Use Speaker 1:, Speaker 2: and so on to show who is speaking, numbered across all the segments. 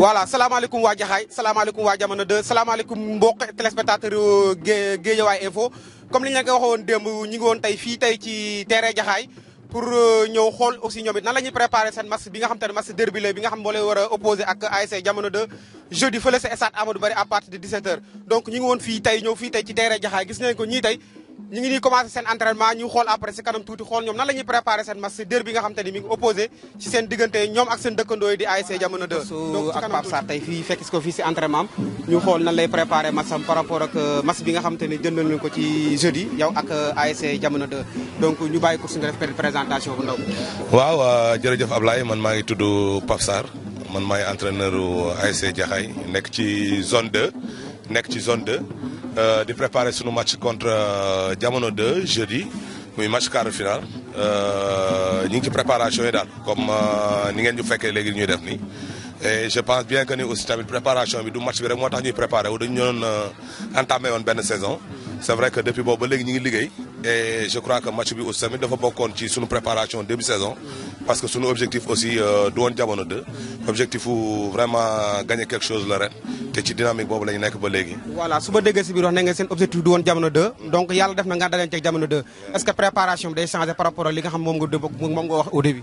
Speaker 1: voilà salaamaaleykum waa Jaxaay salaamaaleykum waa Jamono 2 salaamaaleykum mbokk téléspectateur Géejawaay info comme li ñu leen ko waxoon démb ñu ngi woon tey fii tey ci terrain Jaxaay pour euh, ñëw xool aussi ñoom it nan la ñuy préparé seen match xam te ne match derby la bi nga xam moo lay a opposé ak ASC Jamono 2 jeudi fële sa stade Amadou Barry à partir de 17h donc ñu ngi woon fii tey ñëw fii tey ci terrain Jaxaay gis nañ ko ñii tey ñi ngi ni commencé sen entraînement ñu xol après ci kanam touti xol ñom nan lañuy préparer sen match deur bi nga xam tane mi ngi opposé ci sen digënté ñom ak sen dëkkëndo di ASC jamono 2 donc ak pap sa tay fi fekk ci ko fi ci entraînement ñu xol nan lay préparer match sam par rapport ak euh, match bi nga xam tane jëndal ñu ko ci jeudi yow ak euh, ASC jamono 2 donc ñu bayiko su nga def présentation bu ndaw
Speaker 2: waaw euh, jërëjëf ablaye man ma ngi tuddu pap sar man may entraîneur ASC Jaxay nek ci zone 2 nek ci zone 2 Euh, de préparer ce match contre euh, Jamono 2 jeudi oui, match quart final nous sommes ci préparation comme euh, nous ngeen fait les ñuy et je pense bien que nous aussi une préparation bi du match bi rek moo ñuy préparé wu dañu entamé une benn saison c'est vrai que depuis le début nous avons et je crois que match bi aussi tamit dafa bokkoon ci de préparation début saison parce que son objectif aussi euh, de woon jamono 2 objectif où vraiment gagner quelque chose là ren ci dynamique qui lañu très
Speaker 1: voilà suba un objectif si biir wax nga seen objectif du woon jamono 2 donc yalla def na nga jamono 2 est-ce que la préparation est day changer par rapport à li nga xam nga au début.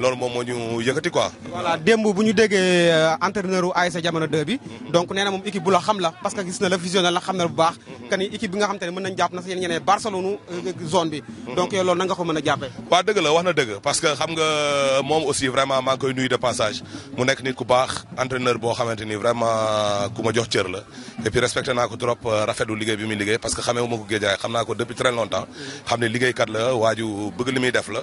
Speaker 2: loolu moom moo ñu yëkkati quoi. voilà
Speaker 1: démb bu ñu déggee euh, entraîneur u ASC jamono 2 bi. donc nee na moom équipe bu xam la parce que gis na la visionné la xam na bu baax. Mm-hmm. que ni équipe bi nga xam te ne mën nañu jàpp euh, mm-hmm. a
Speaker 2: jàppee. que xam nga moom aussi vraiment maa ngi koy nuyu de passage mu boo xamante ni ma jox cër la et puis naa ko trop euh, rafetlu liggéey bi muy liggéey parce que xamee wu ma ko géejaay xam naa ko depuis très longtemps mm-hmm. xam la waaju bëgg li muy def la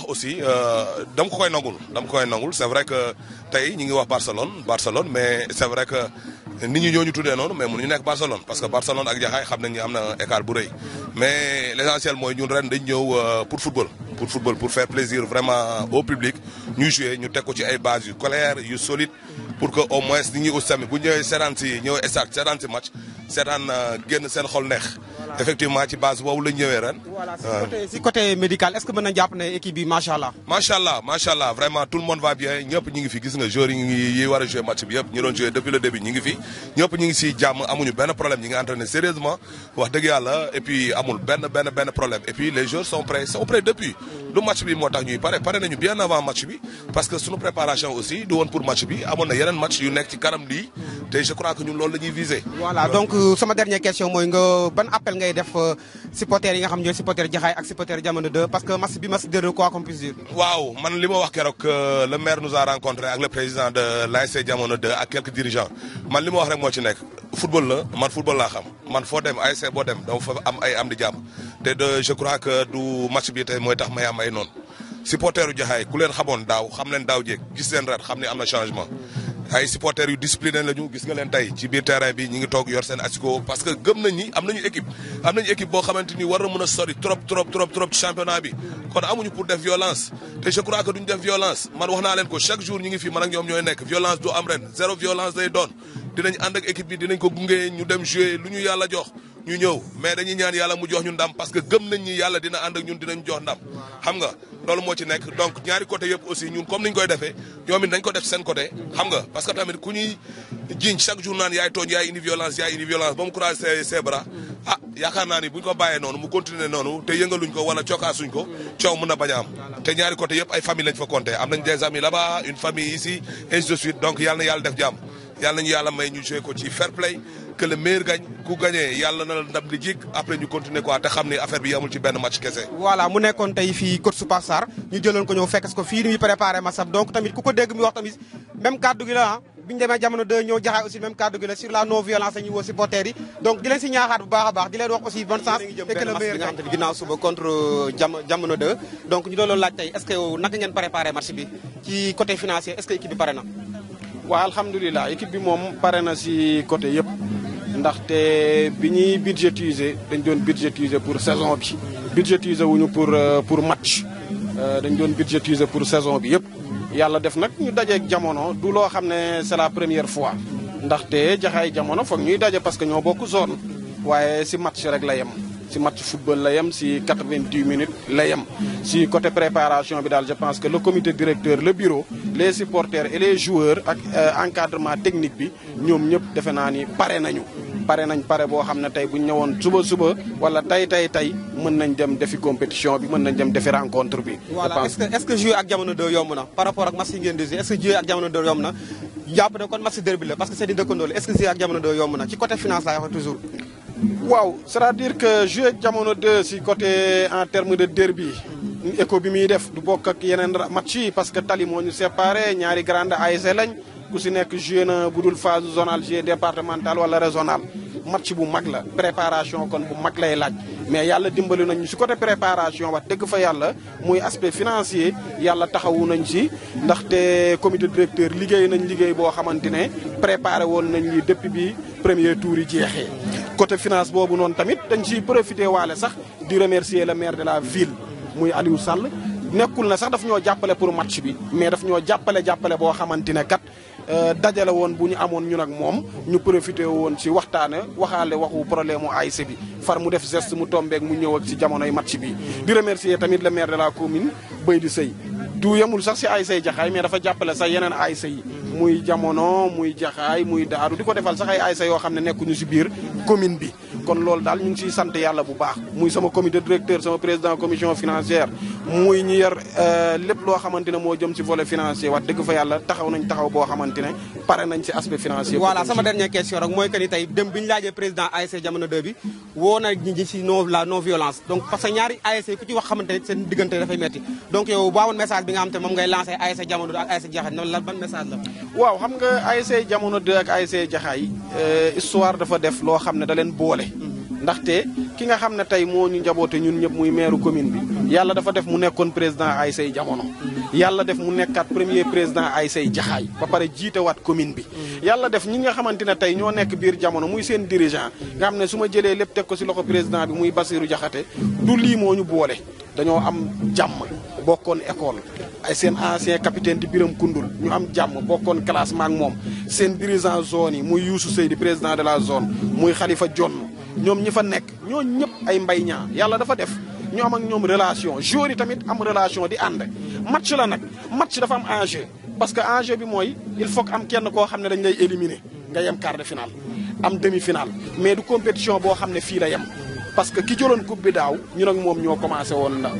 Speaker 2: wax aussi euh dam koy nangul dam koy nangul c'est vrai que tay ñi ngi wax Barcelone Barcelone mais c'est vrai que ni ñi ñoo ñu tuddé non mais mënuñu nekk Barcelone parce que Barcelone ak Jaxaay xam nañ ni amna écart bu reuy mais l'essentiel moy ñun ren dañ ñëw euh, pour football pour football pour faire plaisir vraiment au public ñu jouer ñu teg ko ci ay bases yu claires yu solides pour que au moins nit ñi aussi tamit bu ñëwee 70 yi ñëwee exact 70 match c'est un euh, seen xol neex. effectivement ci base boobu la ñëwé ñëwee ren. Euh,
Speaker 1: si côté côté médical est ce que mën na jàpp ne équipe bi machallah
Speaker 2: machallah machallah vraiment tout le monde va bien ñëpp ñi ngi fi gis nga joueurs yi wara jouer match bi yëpp ñu doon jouer depuis le début ñi ngi fi. ñëpp ñi ngi ci jamm amuñu ben problème ñi ngi entraîné sérieusement wax dëgg yàlla et puis amul ben ben ben problème et puis les joueurs sont prêts sont prêts depuis. le match bi moo tax ñuy paré paré nañu bien avant match bi parce que suñu préparation aussi du woon pour match bi amon na yenen match yu nekk ci kanam di te je crois que ñun loolu lañuy viser. voilà donc
Speaker 1: euh, sama dernière question moy nga ban appel ngay def euh, supporter yi nga xam ñooy supporters Jaxaay ak supporter Jamono 2 parce que match bi match de quoi comme puisse dire
Speaker 2: waaw man li wax kérok euh, le maire nous a rencontré avec le président de l'ASC Jamono 2 ak quelques dirigeants man li wax rek mo ci nek football la man football la xam man fo dem ASC bo dem do fa am ay am di jam te de je crois que du match bi tay moy tax may am ay non supporteru Jaxaay ku leen xamoon daw xam leen daw jéeg gis leen rat xam ne am changement ay supporters yu discipliné lañu gis nga leen tey ci biir terrain bi ñi ngi toog yor seen asiko parce que gëm nañ ni am nañu équipe am nañu équipe boo xamante ni war na mën a sori trop trop trop trop ci championnat bi kon amuñu pour def violence te je crois que duñu def violence man wax naa leen ko chaque jour ñi ngi fi man ak ñoom ñooy nekk violence du am ren zéro violence day doon dinañ ànd ak équipe bi dinañ ko gunge ñu dem jouer lu ñu yàlla jox ñu ñëw mais dañu ñaan yàlla mu jox ñu ndam parce que gëm nañ ñi yàlla dina ànd ñun dinañ jox ndam xam nga loolu moo ci nekk donc ñaari côté yëpp aussi ñun comme niñ koy defee ñoom it nañ ko def seen côté xam nga parce que tamit ku ñuy jiiñ chaque jour naan yaay tooñ yaay indi violence yaay indi violence ba mu croisé ses bras ah yaakaar naa ni buñ ko bàyyee noonu mu continuer noonu te yëngaluñ ko wala cokkaasuñ ko coow mën a bañ a am te ñaari côté yëpp ay famille lañ fa compté am nañ des amis là-bas de suite na yàlla nañu yàlla may ñu joué ci fair play que le meilleur ku gagné yàlla na la ndam li jik après ñu continuer quoi te xam ne affaire bi yamul ci benn match kese.
Speaker 1: voilà mu nekkoon tey fii coach Pape Sarr ñu jëloon ko ñëw fekkas ko fii ni muy préparé masam donc ku ko dégg mi wax tamit même kàddu gi la ah bi a contre euh, jamono de donc ñu doon laaj tey est ce que naka ngeen préparé match bi ci côté financier est que équipe pare na waaw alhamdulilah équipe bi mom paré na ci côté yépp ndax té biñuy budgétiser dañ doon budgétiser pour saison bi budgétiser wuñu pour euh, pour match euh, dañ doon budgétiser pour saison bi yépp yalla def nak ñu dajé ak jamono du lo xamné c'est la première fois ndax té jaxay jamono fokk ñuy dajé parce que ñoo bokku zone waaye ci match rek la yem si match football la yem si 90 minutes la si côté préparation je pense que le comité directeur le bureau les supporters et les joueurs ak euh, encadrement technique bi ñom ñep defe na ni paré nañu paré nañ paré bo xamné tay bu ñu suba suba wala tay tay tay mën nañ dem défi compétition bi mën nañ dem défi rencontre bi. voilà est-ce que est-ce que jouer ak jamono doo yomb na par rapport ak match ngeen di est-ce que jouer ak jamono doo yomb na na kon match derby la parce que c'est di dëkkandoo est-ce que jouer ak jamono de yomb na ci côté finance y wax toujours waaw c'est-à-dire que jouer jamono 2 si côté en terme de derby écho bi muy def du bokk ak yeneen match parce que tali moo ñu séparé ñaari grande ASC lañ ku si nekk joué na bu phase zonale joué départemental wala régional. match bu mag la préparation kon bu mag lay laaj mais yalla dimbali nañu si côté préparation wax deug fa yalla muy aspect financier yalla taxawu nañ si té comité directeur liggéey nañ liggéey bo xamante préparé won nañ li depuis bi premier tour yi jeexee côté finance boobu noonu tamit dañ ciy profité waale sax di remercier le maire de la ville muy Aliou sàll nekkul na sax daf ñoo jàppale pour match bi mais daf ñoo jàppale jàppale boo xamante ne kat euh, dajale woon bu ñu amoon ñu ak moom ñu profité woon ci waxtaane waxaale waxu problème mu ASC bi far mu def geste mu tombeek mu ñëw ak ci jamonoy match bi di remercie tamit le maire de la bay di Seye du yemul sax si ay yi jaxaay mais dafa jàppale sax yeneen ASC yi muy jamono muy jaxaay muy daaru di ko defal sax ay ASC yoo xam ne nekkuñu ci biir commune bi kon loolu daal ñu ngi ciy sant yàlla bu baax muy sama comité directeur sama président commission financière muy ñu yar euh, lépp loo xamante ne moo jëm si volet financier wax dëgg fa yàlla taxaw nañ taxaw boo xamante ne pare nañ si aspect financier. voilà sama dernière question rek mooy que ni tey dem bi ñu laajee président ASC jamono 2 bi woo na ñi violence donc parce que ñaari ASC ku ci wax xamante ne seen diggante dafay metti donc yow boo amoon message bi nga xam te moom ngay lancé ASC jamono 2 ak ASC jaxaay xam nga ASC jamono 2 ak ASC euh, histoire dafa def loo xam ne da leen boole. ndaxte ki nga xam ne tey moo ñu njaboote ñun ñëpp muy maire commune bi yàlla dafa def mu nekkoon président ay say jamono yàlla def mu nekkaat premier président ay say jaxaay ba pare jiitewaat commune bi yàlla def ñi nga xamante ne tey ñoo nekk biir jamono muy seen dirigeant nga xam ne su jëlee lépp teg ko président bi muy Bassirou Diakhaté du moo ñu boole dañoo am jàmm bokkoon école ay seen ancien capitaine di Biram Koundoul ñu am jàmm bokkoon classement ak moom seen dirigeant zone yi muy Youssou Seydi président de la zone muy Khalifa Dione Nous ñi fa ni ñoo ñep ay mbay ñaan yalla dafa def ñom ak relation tamit relation di match la un match dafa am enjeu parce que enjeu bi il faut que am kenn quart de finale am demi-finale mais du compétition est fi la parce que ki jëloon coupe bi daaw ñun ak mom ñoo commencé woon ndaw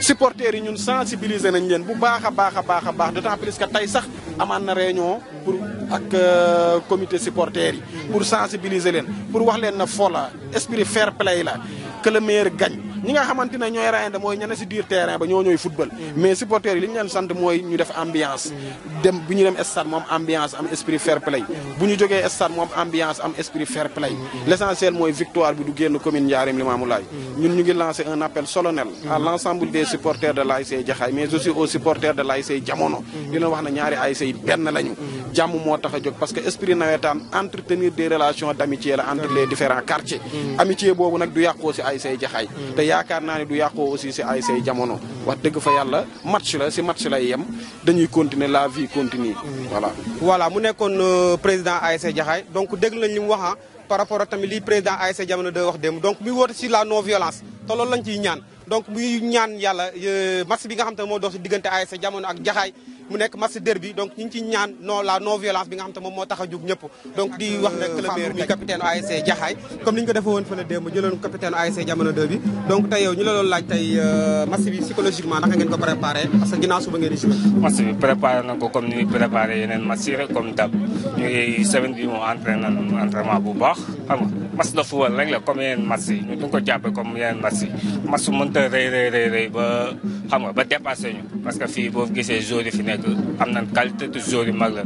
Speaker 1: supporters yi ñun sensibiliser nañ leen bu baaxa baaxa baaxa baax a baax d'autant plus que tay sax amana na réunion pour ak euh, comité supporters yi pour sensibiliser leen pour wax leen na fola esprit fair play la que le meilleur gagne ñi nga xamantene ñoy ñooy moy mooy ñene si diir terrain ba ñoy ñoy football mm. mais supporters yi li ñu leen sant mooy ñu def ambiance mm. dem buñu dem stade mo am ambiance am esprit fair play mm. buñu joggé stade mo am ambiance am esprit fair play l'essentiel moy victoire bi du génn commune limamou lay ñun ñu ngi lancer un appel solennel à l'ensemble des supporters de l'ASC Jaxaay mais aussi aux supporters de l'ASC Jamono ñu leen wax na ñaari ASC ben lañu jàmm mo tax jog parce que esprit nawetaan entretenir des relations d'amitié entre les différents quartiers amitié bobu nak du yakko ci ASC Jaxaay yaakaar naa ni du yàqoo aussi si ay say jamono wax dëgg fa yàlla match la si match lay yem dañuy continuer la vie continue voilà. voilà mu nekkoon euh, président ASA Diakhay donc dégg nañ li mu wax ah, par rapport ak tamit li président ASA jamono de wax dem donc muy woote si la non violence te loolu lañ ciy ñaan donc muy ñaan yàlla euh, match bi nga xam te moo dox si diggante ASA jamono ak Diakhay. mu nekk match derby donc ñu ngi ci ñaan non la bi nga xam te moom moo tax a jug ñëpp donc di wax ne Fallou mi capitaine ASC Jaxaay comme ni ko defee woon fële démb jëloon capitaine ASC jamono 2 bi donc tey yow ñu la
Speaker 3: laaj tey euh, match bi psychologiquement naka ngeen ko préparé parce que ginnaaw suba ngeen di joué match bi préparé na ko comme ni ñuy yeneen match yi dab ñu semaine bi moom entraîné na entraînement bu baax xam nga match de football rek la comme yeneen match ñu duñ ko jàppee comme yeneen match yi que fii boo gisee joueurs yi fi nekk que am nañ qualité te yu mag la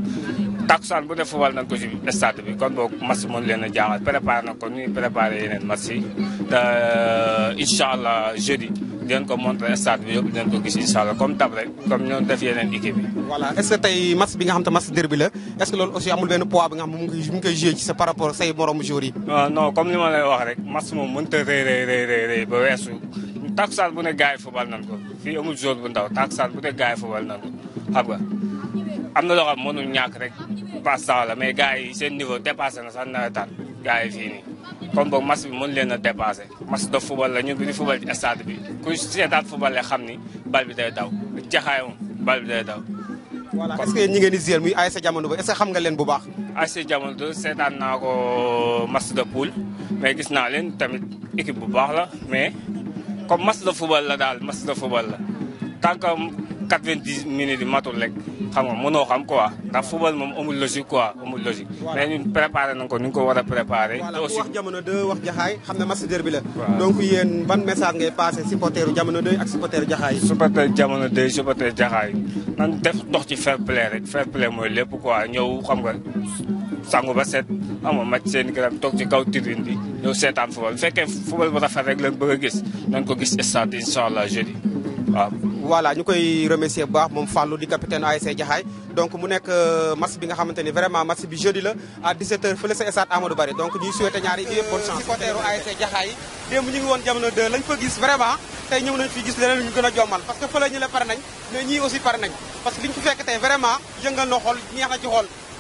Speaker 3: takusaan bu ne fubal nañ ko ci stade bi kon boog match mënu leen a jaaxal préparé na ko ñuy préparé yeneen match yi te euh, incha allah jeudi dinañ ko montré stade bi yëpp dinañ ko gis incha allah comme
Speaker 1: amul benn poids bi nga
Speaker 3: euh, ma lay wax rek match moom bu ne gars yi fubal nañ ko fii amul zone bu ndaw takusaan bu ne gars yi fubal nañ ko. xam nga am na loo xam mënul ñàkk rek passe temps la mais gars yi seen niveau dépassé na sax nawetaan gars yi fii nii kon boog match bi mën leen a dépassé match de football la ñun bi ñu football ci bi ku seetaan football la xam ni bal bi day daw jaxaay moom bal bi day daw
Speaker 1: voilà que ñi ngeen di ziel muy ASC jamono ba est xam nga leen bu baax
Speaker 3: ASC jamono do seetaan naa ko match de poule mais gis naa leen tamit équipe bu baax la mais comme mas de football la daal match de football la tant que quatre-vingt-dix minutes yi matul rek xam nga mënoo xam quoi ndax football moom amul logique quoi amul logique. mais ñun préparé nañ ko ni ñu ko war a préparé. te aussi
Speaker 1: wax jamono 2 wax jaxaay xam ne match derby la. donc yéen ban message ngay passé
Speaker 3: supporteru jamono 2 ak supporteru jaxaay. supporter jamono 2 supporter jaxaay nan def dox ci fair play rek fair play mooy lépp quoi ñëw xam nga sangu ba set xam nga match seen garab toog ci kaw tribune bi ñëw seetaan football bu fekkee football bu rafet rek lañ bëgg a gis nañ ko gis stade incha allah jeudi. voilà nous remercier mon baax Fallou le capitaine ASC suis
Speaker 1: donc mu nekk euh, match bi nga vraiment match bi jeudi à 17h sa Amadou Barry donc nous souhaiter suis bonne chance vraiment tay nañ fi ñu jommal parce que ñu la par nañ mais aussi nañ parce que vraiment yëngal no xol a na ci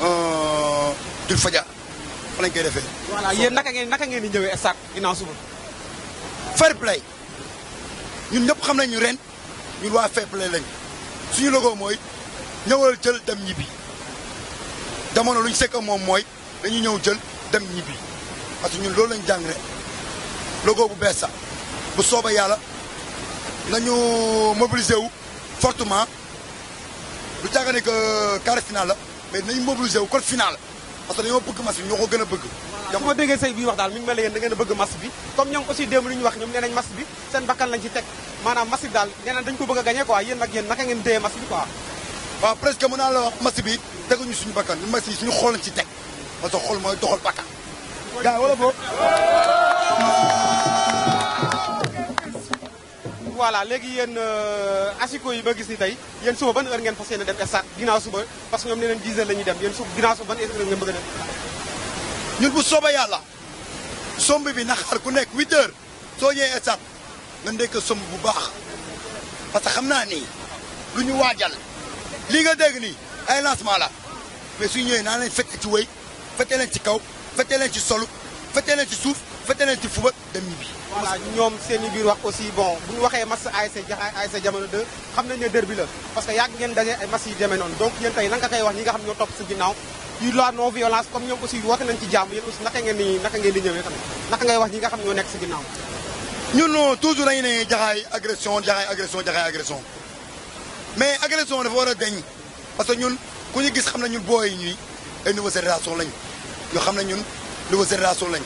Speaker 4: Euh, dul faja fa lañ defee. voilà yéen naka ngeen naka ngeen di ñëwee stade ginnaaw suba. fair play ñun ñëpp xam nañ ñu ren ñun waa fair play lañ suñu logo mooy ñëwal jël dem ñibbi jamono luñ sekk moom mooy dañuy ñëw jël dem ñibbi parce que ñun loolu lañ jàng rek logo bu bees sax bu sooba yàlla nañu mobiliser wu fortement lu jàngane que quart final la. mais dinañ mobiliser wu code final parce que dañoo bëgg match ñoo ko a bëgg.
Speaker 1: su ma déggee say bii wax daal mi ngi mel ne yéen bëgg match bi comme ñoom aussi démb li wax ñoom nee nañ bi seen bakkan lañ ci teg maanaam match daal nee dañ ko bëgg a gagné quoi yéen presque mën naa la wax match bi teguñu suñu bakkan li match xool lañ ci teg parce que xool mooy doxal bakkan. gars wala boog. voilà léegi yéen euh, asiko yi ba gis ni tey yéen suba ba heure ngeen fas yéene dem stade ginnaaw suba parce que ñoom nee nañ 10 heures la ñuy dem yéen suba ginnaaw suba ban heure ngeen bëgg dem.
Speaker 4: ñun bu soobee yàlla somb bi na xaar ku nekk 8 heures soo ñëwee stade nga ndekk somb bu baax parce que xam naa ni lu ñu waajal lii nga dégg nii ay lancement la mais su ñëwee naa leen fekk ci wéy fekkee leen ci kaw fekkee leen
Speaker 1: ci solu fekkee leen ci suuf fekkee leen ci fuba dem ñibbi. voilà ñoom seen i biir wax aussi bon bu ñu waxee match ASC Jaxaay ASC Jamono 2 xam nañ ne derby parce que yàgg ngeen daje ay match yi demee noonu donc yéen tey nan nga koy wax ñi nga xam ñoo ngeen wax ñi nga xam ñoo nekk si ginnaaw ñun toujours dañu ne
Speaker 4: Jaxaay agression Jaxaay agression mais agression dafa war a deñ parce que ñun ku ñu gis xam na ñun booy ñuy ay nouvelle génération lañu yoo xam ne ñun nouvelle génération lañu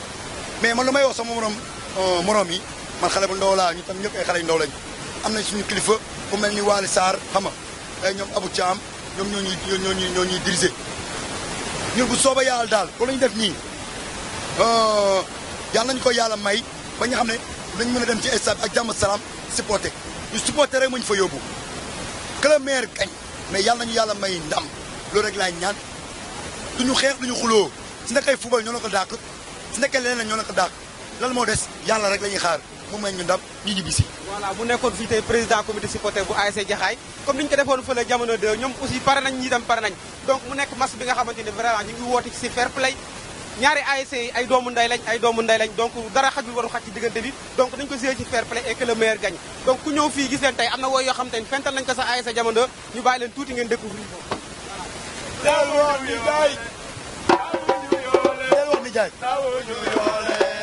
Speaker 4: mais man may wax sama morom مرام يي مان خالي بو ندولا ني تام ييب اي خالي ندول لاني امنا سونو كليفا كو ملني والي سار خما اي نيوم ابو تيام نيوم نيو ني نيو ني نيو ني ديريزي
Speaker 1: lan moo des yàlla rek la ñuy xaar mu may ñu ndab ñu ñibbi si. voilà bu nekkoon fii tey président comité supporter bu ASC Diakhaay comme niñ ko defoon fële jamono de ñoom aussi pare nañ ñii tam pare nañ donc mu nekk mas bi nga xamante ne vraiment ñu ngi woote si fair play ñaari ASC yi ay doomu ndey lañ ay doomu ndey lañ donc dara xaj bi xaj ci diggante bi donc nañ ko jouer ci fair play et que le meilleur gagne donc ku ñëw fii gis leen tey am na woo yoo xam te ne fental nañ ko sa ASC jamono ñu bàyyi leen tuuti ngeen dëkk fii. Jaay. Jaay.
Speaker 4: Jaay. Jaay. Jaay.